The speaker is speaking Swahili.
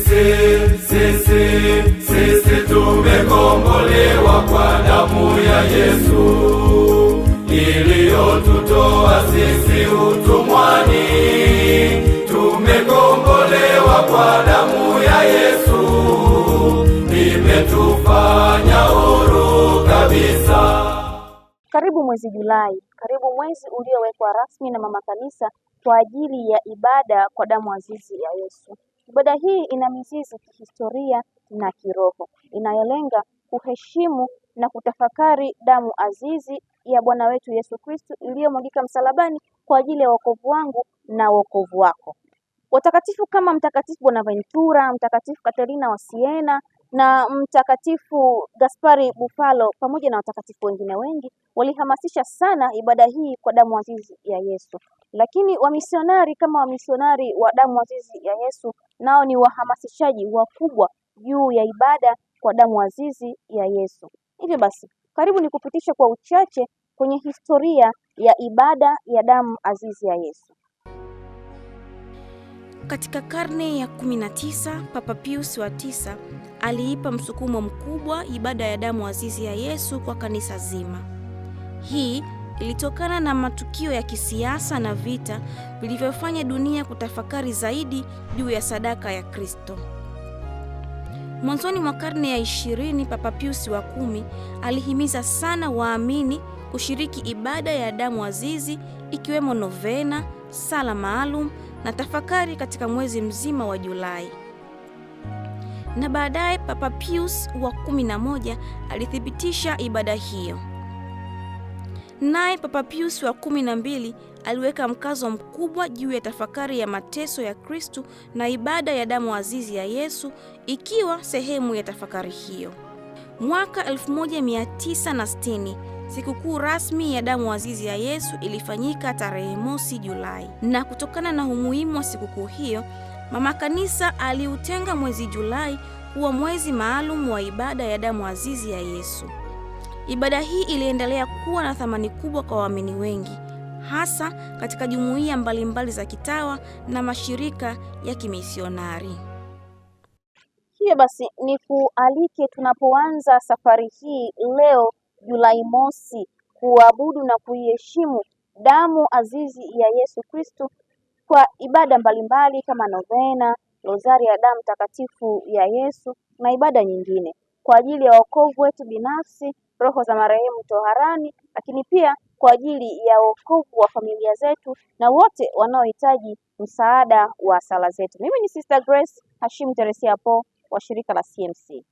sisi, sisi, sisi tumekombolewa kwa damu ya Yesu iliyotutoa sisi utumwani. Tumekombolewa kwa damu ya Yesu, imetufanya huru kabisa. Karibu mwezi Julai, karibu mwezi uliowekwa rasmi na mama kanisa kwa ajili ya ibada kwa damu azizi ya Yesu. Ibada hii ina mizizi kihistoria na kiroho inayolenga kuheshimu na kutafakari damu azizi ya Bwana wetu Yesu Kristo iliyomwagika msalabani kwa ajili ya wokovu wangu na wokovu wako. Watakatifu kama Mtakatifu Bonaventura, Mtakatifu Katerina wa Siena na Mtakatifu Gaspari Bufalo pamoja na watakatifu wengine wengi walihamasisha sana ibada hii kwa damu azizi ya Yesu. Lakini wamisionari kama wamisionari wa damu azizi ya Yesu nao ni wahamasishaji wakubwa juu ya ibada kwa damu azizi ya Yesu. Hivyo basi, karibu ni kupitisha kwa uchache kwenye historia ya ibada ya damu azizi ya Yesu. Katika karne ya 19, Papa Pius wa tisa aliipa msukumo mkubwa ibada ya damu azizi ya Yesu kwa kanisa zima. Hii ilitokana na matukio ya kisiasa na vita vilivyofanya dunia kutafakari zaidi juu ya sadaka ya Kristo. Mwanzoni mwa karne ya 20, Papa Pius wa kumi alihimiza sana waamini kushiriki ibada ya damu azizi ikiwemo novena, sala maalum na tafakari katika mwezi mzima wa Julai. Na baadaye Papa Pius wa 11 alithibitisha ibada hiyo. Naye Papa Pius wa 12 aliweka mkazo mkubwa juu ya tafakari ya mateso ya Kristu na ibada ya damu azizi ya Yesu ikiwa sehemu ya tafakari hiyo. Mwaka 1960 Sikukuu rasmi ya damu azizi ya Yesu ilifanyika tarehe mosi Julai, na kutokana na umuhimu wa sikukuu hiyo, mama kanisa aliutenga mwezi Julai kuwa mwezi maalum wa ibada ya damu azizi ya Yesu. Ibada hii iliendelea kuwa na thamani kubwa kwa waamini wengi, hasa katika jumuiya mbalimbali za kitawa na mashirika ya kimisionari. Hivyo basi, ni kualike tunapoanza safari hii leo Julai mosi kuabudu na kuiheshimu damu azizi ya Yesu Kristo kwa ibada mbalimbali kama novena, rozari ya damu takatifu ya Yesu na ibada nyingine kwa ajili ya wokovu wetu binafsi, roho za marehemu toharani, lakini pia kwa ajili ya wokovu wa familia zetu na wote wanaohitaji msaada wa sala zetu. Mimi ni Sister Grace Hashim Teresia Po wa shirika la CMC.